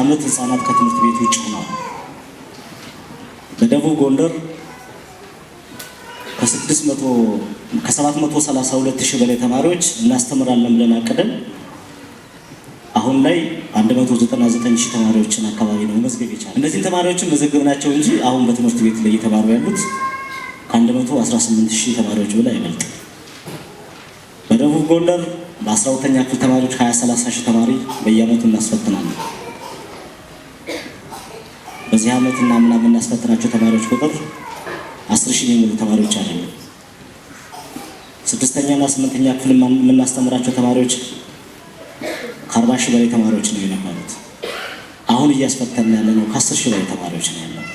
ዓመት ህፃናት ከትምህርት ቤት ውጭ ሆነዋል። በደቡብ ጎንደር ከ732 ሺህ በላይ ተማሪዎች እናስተምራለን ብለን አቅደን አሁን ላይ 199 ሺህ ተማሪዎችን አካባቢ ነው መዝገብ የቻለ። እነዚህን ተማሪዎችን መዘገብናቸው እንጂ አሁን በትምህርት ቤት ላይ እየተማሩ ያሉት ከ118 ሺህ ተማሪዎች በላይ አይበልጥም። በደቡብ ጎንደር በ12ተኛ ክፍል ተማሪዎች 20 30 ሺህ ተማሪ በየአመቱ እናስፈትናለን። በዚህ ዓመት እና ምናምን የምናስፈትናቸው ተማሪዎች ቁጥር አስር ሺህ የሚሉ ተማሪዎች አይደለም። ስድስተኛና ስምንተኛ ክፍል የምናስተምራቸው ተማሪዎች ከአርባ ሺህ በላይ ተማሪዎች ነው የነበሩት። አሁን እያስፈተን ያለ ነው ከአስር ሺህ በላይ ተማሪዎች ነው ያለው።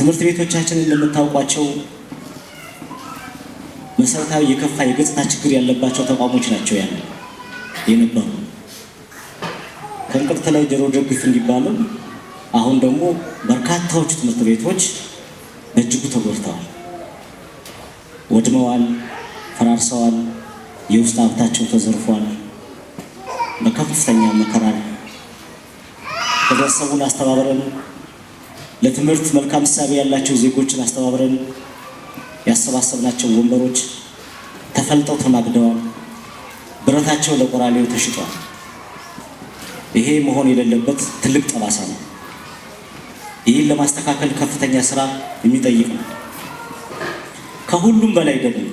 ትምህርት ቤቶቻችን እንደምታውቋቸው መሰረታዊ የከፋ የገጽታ ችግር ያለባቸው ተቋሞች ናቸው ያለ የነበሩ ከእንቅርት ላይ ጆሮ ደግፍ እንዲባሉ አሁን ደግሞ በርካታዎቹ ትምህርት ቤቶች በእጅጉ ተጎድተዋል፣ ወድመዋል፣ ፈራርሰዋል፣ የውስጥ ሀብታቸው ተዘርፏል። በከፍተኛ መከራ ህብረተሰቡን አስተባብረን ለትምህርት መልካም ሳቢ ያላቸው ዜጎችን አስተባብረን ያሰባሰብናቸው ወንበሮች ተፈልጠው ተማግደዋል። ብረታቸው ለቆራሌው ተሽጧል። ይሄ መሆን የሌለበት ትልቅ ጠባሳ ነው። ይህን ለማስተካከል ከፍተኛ ስራ የሚጠይቅ ነው። ከሁሉም በላይ ደግሞ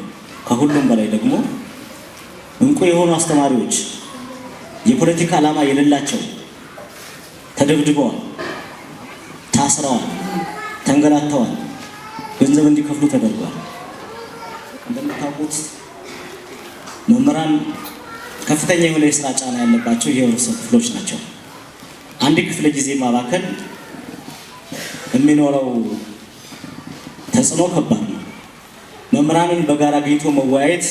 ከሁሉም በላይ ደግሞ እንቁ የሆኑ አስተማሪዎች የፖለቲካ ዓላማ የሌላቸው ተደብድበዋል፣ ታስረዋል፣ ተንገላተዋል፣ ገንዘብ እንዲከፍሉ ተደርጓል። እንደምታውቁት መምህራን ከፍተኛ የሆነ የስራ ጫና ያለባቸው የህብረተሰብ ክፍሎች ናቸው። አንድ ክፍለ ጊዜ ማባከል የሚኖረው ተጽዕኖ ከባድ ነው። መምህራንን በጋራ አግኝቶ መወያየት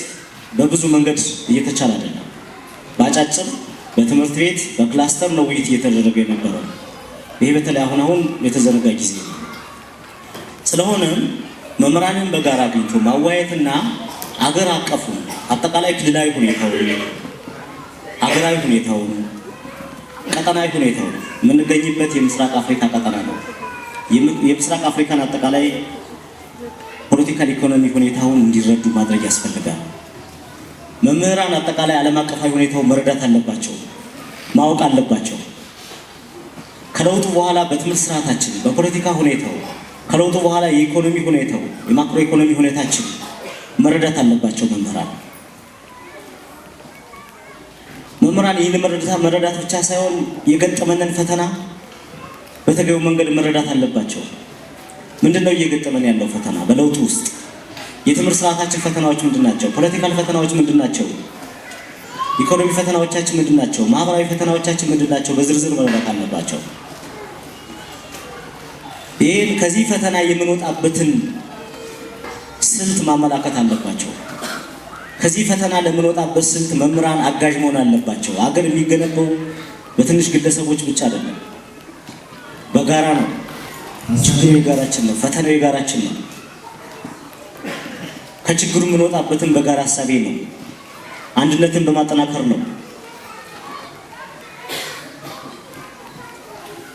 በብዙ መንገድ እየተቻለ አይደለም። በአጫጭር በትምህርት ቤት በክላስተር ነው ውይይት እየተደረገ የነበረው። ይህ በተለይ አሁን አሁን የተዘረጋ ጊዜ ነው። መምህራንን በጋራ አግኝቶ ማወያየትና አገር አቀፉ አጠቃላይ ክልላዊ ሁኔታ አገራዊ ሁኔታው ቀጠናዊ ሁኔታው የምንገኝበት የምስራቅ አፍሪካ ቀጠና ነው። የምስራቅ አፍሪካን አጠቃላይ ፖለቲካል ኢኮኖሚ ሁኔታውን እንዲረዱ ማድረግ ያስፈልጋል። መምህራን አጠቃላይ ዓለም አቀፋዊ ሁኔታው መረዳት አለባቸው፣ ማወቅ አለባቸው። ከለውጡ በኋላ በትምህርት ስርዓታችን፣ በፖለቲካ ሁኔታው፣ ከለውጡ በኋላ የኢኮኖሚ ሁኔታው፣ የማክሮ ኢኮኖሚ ሁኔታችን መረዳት አለባቸው መምህራን። ይጠቅመናል። ይህን መረዳት መረዳት ብቻ ሳይሆን የገጠመንን ፈተና በተገቢው መንገድ መረዳት አለባቸው። ምንድን ነው እየገጠመን ያለው ፈተና? በለውጥ ውስጥ የትምህርት ስርዓታችን ፈተናዎች ምንድን ናቸው? ፖለቲካል ፈተናዎች ምንድን ናቸው? ኢኮኖሚ ፈተናዎቻችን ምንድን ናቸው? ማህበራዊ ፈተናዎቻችን ምንድን ናቸው? በዝርዝር መረዳት አለባቸው። ይህን ከዚህ ፈተና የምንወጣበትን ስልት ማመላከት አለባቸው። ከዚህ ፈተና ለምንወጣበት ስልት መምህራን አጋዥ መሆን አለባቸው። አገር የሚገነባው በትንሽ ግለሰቦች ብቻ አይደለም፣ በጋራ ነው። ችግሩ የጋራችን ነው። ፈተናው የጋራችን ነው። ከችግሩ የምንወጣበትን በጋራ ሀሳቤ ነው። አንድነትን በማጠናከር ነው።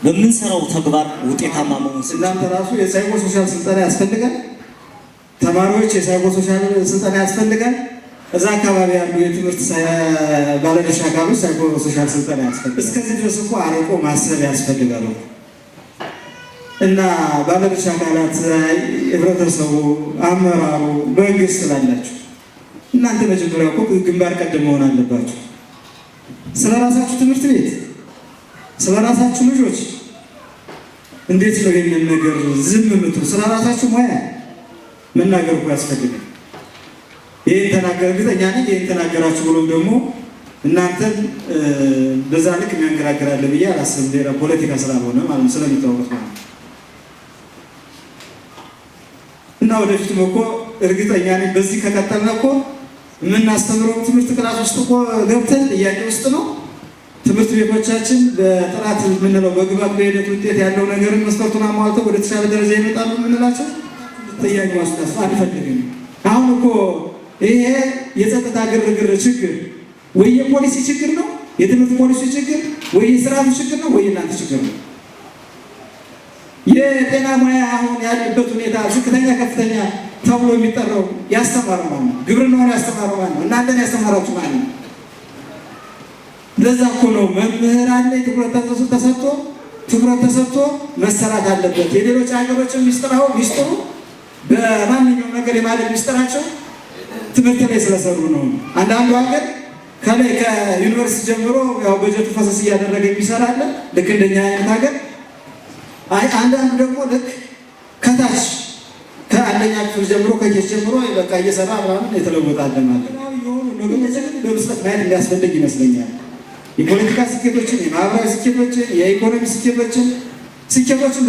በምንሰራው ተግባር ውጤታማ መሆን እናንተ ራሱ የሳይኮ ሶሻል ስልጠና ያስፈልጋል። ተማሪዎች የሳይኮ ሶሻል ስልጠና ያስፈልጋል። እዛ አካባቢ ያሉ የትምህርት ባለድርሻ አካሎች ሳይኮ ሶሻል ስልጠና ያስፈልጋል። እስከዚህ ድረስ እኮ አርቆ ማሰብ ያስፈልጋል እና ባለድርሻ አካላት ህብረተሰቡ፣ አመራሩ፣ መንግስት ስላላችሁ እናንተ መጀመሪያ እኮ ግንባር ቀደም መሆን አለባችሁ። ስለ ራሳችሁ ትምህርት ቤት፣ ስለ ራሳችሁ ልጆች እንዴት ነው ይህንን ነገር ዝም የምትሉ? ስለ ራሳችሁ ሙያ መናገር እኮ ያስፈልጋል። ይህን ተናገረ እርግጠኛ ነኝ ይህን ተናገራችሁ ብሎ ደግሞ እናንተን በዛ ልክ የሚያንገራግራለ ብዬ አላስብም። ሌላ ፖለቲካ ስላልሆነ ማለት ነው ስለሚታወቁት ማለት ነው። እና ወደፊትም እኮ እርግጠኛ ነኝ በዚህ ከቀጠልን እኮ የምናስተምረው ትምህርት ክላስ ውስጥ እኮ ገብተን ጥያቄ ውስጥ ነው። ትምህርት ቤቶቻችን በጥራት የምንለው በግብዓት በሂደት ውጤት ያለው ነገርን መስፈርቱን አሟልተው ወደ ተሻለ ደረጃ ይመጣሉ የምንላቸው ጥያቄ ውስጥ አንፈልግም አሁን እኮ ይሄ የጸጥታ ግርግር ችግር ወይ የፖሊሲ ችግር ነው፣ የትምህርት ፖሊሲ ችግር ወይ የስርዓቱ ችግር ነው፣ ወይ የእናንተ ችግር ነው። የጤና ሙያ አሁን ያለበት ሁኔታ ዝቅተኛ ከፍተኛ ተብሎ የሚጠራው ያስተማረው ማለት ነው። ግብርናውን ያስተማረው ማለት ነው። እናንተን ያስተማራችሁ ማለት ነው። ለዛ እኮ ነው መምህራን ላይ ትኩረት ተሰጥቶ ትኩረት ተሰጥቶ መሰራት አለበት። የሌሎች ሀገሮችን ሚስጥር ሚስጥሩ በማንኛውም ነገር የማለት ሚስጥራቸው ትምህርት ላይ ስለሰሩ ነው። አንዳንዱ ሀገር ከላይ ከዩኒቨርሲቲ ጀምሮ ያው በጀቱ ፈሰስ እያደረገ የሚሰራ አለ፣ ልክ እንደኛ አይነት ሀገር። አይ አንዳንዱ ደግሞ ልክ ከታች ከአንደኛ ክፍል ጀምሮ ከጀት ጀምሮ በቃ እየሰራ ምናምን የተለወጣለ ማለት ማየት እንዲያስፈልግ ይመስለኛል። የፖለቲካ ስኬቶችን፣ የማህበራዊ ስኬቶችን፣ የኢኮኖሚ ስኬቶችን ስኬቶችን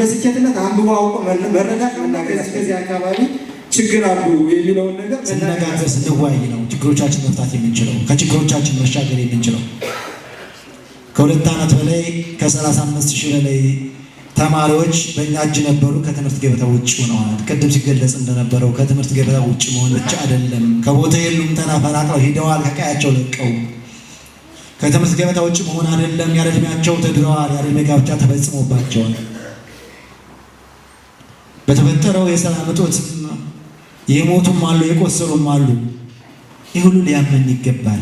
በስኬትነት አንብቦ አውቆ መረዳት መናገር ከዚህ አካባቢ ችግር አሉ የሚለውን ነገር ስንነጋገር ስንወያይ ነው ችግሮቻችን መፍታት የምንችለው ከችግሮቻችን መሻገር የምንችለው። ከሁለት ዓመት በላይ ከሰላሳ አምስት ሺህ በላይ ተማሪዎች በእኛ እጅ ነበሩ ከትምህርት ገበታ ውጭ ሆነዋል። ቅድም ሲገለጽ እንደነበረው ከትምህርት ገበታ ውጭ መሆን ብቻ አይደለም፣ ከቦታ የሉም ተፈናቅለው ሄደዋል፣ ከቀያቸው ለቀው ከትምህርት ገበታ ውጭ መሆን አይደለም፣ ያለ ዕድሜያቸው ተድረዋል፣ ያለ ዕድሜ ጋብቻ ተፈጽሞባቸዋል። በተፈጠረው የሰላም እጦት የሞቱም አሉ፣ የቆሰሉም አሉ። ይህ ሁሉ ሊያመን ይገባል፣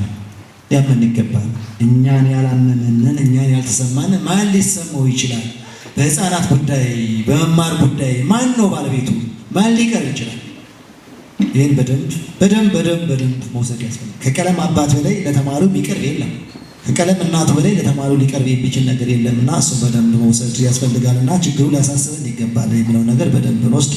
ሊያመን ይገባል። እኛን ያላመነንን እኛን ያልተሰማን ማን ሊሰማው ይችላል? በህፃናት ጉዳይ በመማር ጉዳይ ማን ነው ባለቤቱ? ማን ሊቀር ይችላል? ይህን በደንብ በደንብ በደንብ በደንብ መውሰድ ያስፈልጋል። ከቀለም አባት በላይ ለተማሩ ሊቀርብ የለም። ከቀለም እናቱ በላይ ለተማሩ ሊቀርብ የሚችል ነገር የለም እና እሱም በደንብ መውሰድ ያስፈልጋል እና ችግሩ ሊያሳስበን ይገባል የሚለው ነገር በደንብ እንወስድ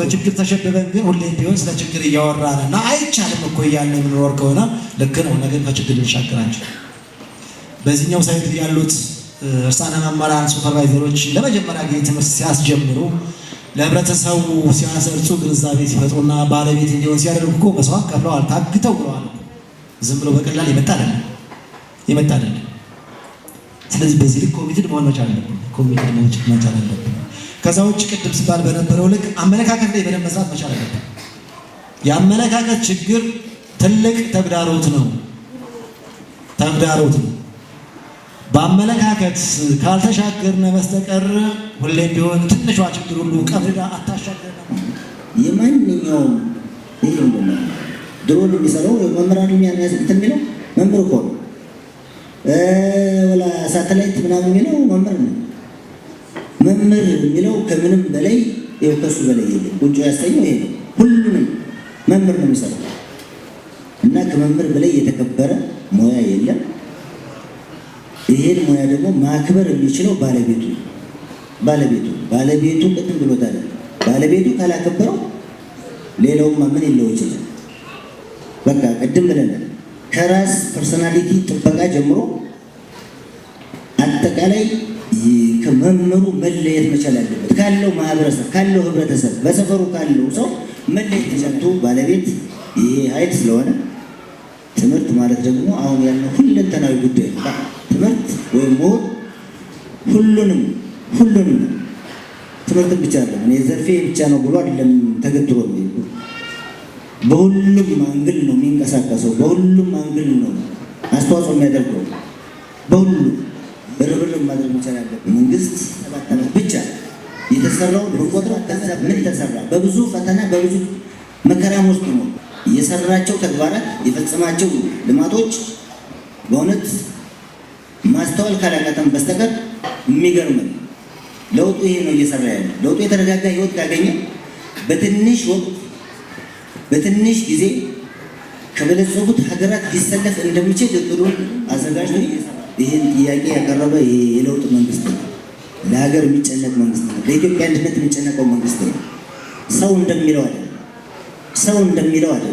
በችግር ተሸብበን ግን ሁሌም ቢሆን ስለ ችግር እያወራ እያወራን እና አይቻልም እኮ እያለ የምንኖር ከሆነ ልክ ነው። ነገር ከችግር ልንሻግራቸው በዚህኛው ሳይት ያሉት እርሳነ መምህራን ሱፐርቫይዘሮች ለመጀመሪያ ጊዜ ትምህርት ሲያስጀምሩ ለህብረተሰቡ ሲያሰርጹ ግንዛቤ ሲፈጥሩና ባለቤት እንዲሆን ሲያደርጉ እኮ መስዋዕት ከፍለዋል፣ ታግተው ብለዋል። ዝም ብሎ በቀላል የመጣ አይደለም የመጣ አይደለም። ስለዚህ በዚህ ልክ ኮሚትድ መሆን መቻል አለብን። ኮሚትድ መሆን መቻል አለብን። ከዛ ውጭ ቅድም ሲባል በነበረው ልክ አመለካከት ላይ በደንብ መስራት መቻል አለብን። የአመለካከት ችግር ትልቅ ተግዳሮት ነው ተግዳሮት ነው። በአመለካከት ካልተሻገርን በስተቀር ሁሌም ቢሆን ትንሿ ችግር ሁሉ ቀፍዳ አታሻገር። የማንኛውም ይህ ድሮ የሚሰራው መምህራን የሚያስት የሚለው መምህር እኮ ነው። ሳተላይት ምናምን የሚለው መምህር ነው መምህር የሚለው ከምንም በላይ ከሱ በላይ የለም። ጎጆ ያሳየው ይሄ ነው። ሁሉንም መምህር ነው የሚሰራው እና ከመምህር በላይ የተከበረ ሙያ የለም። ይሄን ሙያ ደግሞ ማክበር የሚችለው ባለቤቱ ባለቤቱ ባለቤቱ ቅድም ብሎታል። ባለቤቱ ካላከበረው ሌላውም ምን ይለው ይችላል። በቃ ቅድም ብለናል። ከራስ ፐርሶናሊቲ ጥበቃ ጀምሮ አጠቃላይ መምህሩ መለየት መቻል አለበት ካለው ማህበረሰብ ካለው ህብረተሰብ በሰፈሩ ካለው ሰው መለየት ተሰምቶ ባለቤት ይሄ ኃይል ስለሆነ ትምህርት ማለት ደግሞ አሁን ያለው ሁለንተናዊ ጉዳይ ትምህርት ወይም ሞር ሁሉንም ሁሉንም ትምህርት ብቻ አለ እኔ ዘርፌ ብቻ ነው ብሎ አይደለም ተገትሮ በሁሉም አንግል ነው የሚንቀሳቀሰው። በሁሉም አንግል ነው አስተዋጽኦ የሚያደርገው በሁሉም ርብርብ ማድረግ መቻል አለብን። መንግስት ብቻ የተሰራውን ብንቆጥረው ከዛ ምን ተሰራ? በብዙ ፈተና በብዙ መከራም ውስጥ ነው የሰራቸው ተግባራት የፈጸማቸው ልማቶች በእውነት ማስተዋል ካላቀተም በስተቀር የሚገርም ለውጡ ይሄ ነው እየሰራ ያለ ለውጡ የተረጋጋ ህይወት ካገኘ በትንሽ ወቅት በትንሽ ጊዜ ከበለጸጉት ሀገራት ሊሰለፍ እንደሚችል እቅዱን አዘጋጅቶ እየሰራ ይህን ጥያቄ ያቀረበ የለውጥ መንግስት ነው። ለሀገር የሚጨነቅ መንግስት ነው። ለኢትዮጵያ አንድነት የሚጨነቀው መንግስት ነው። ሰው እንደሚለው አለ ሰው እንደሚለው አለ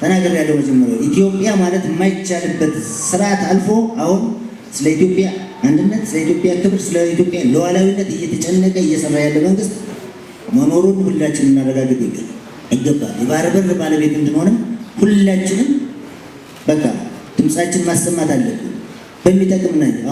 ተናገር ያለው መጀመሪያ ኢትዮጵያ ማለት የማይቻልበት ስርዓት አልፎ አሁን ስለ ኢትዮጵያ አንድነት፣ ስለ ኢትዮጵያ ክብር፣ ስለ ኢትዮጵያ ሉዓላዊነት እየተጨነቀ እየሰራ ያለ መንግስት መኖሩን ሁላችንም እናረጋግጥ ይገባል። የባህር በር ባለቤት እንድንሆንም ሁላችንም በቃ ድምፃችን ማሰማት አለብን በሚጠቅም ነገር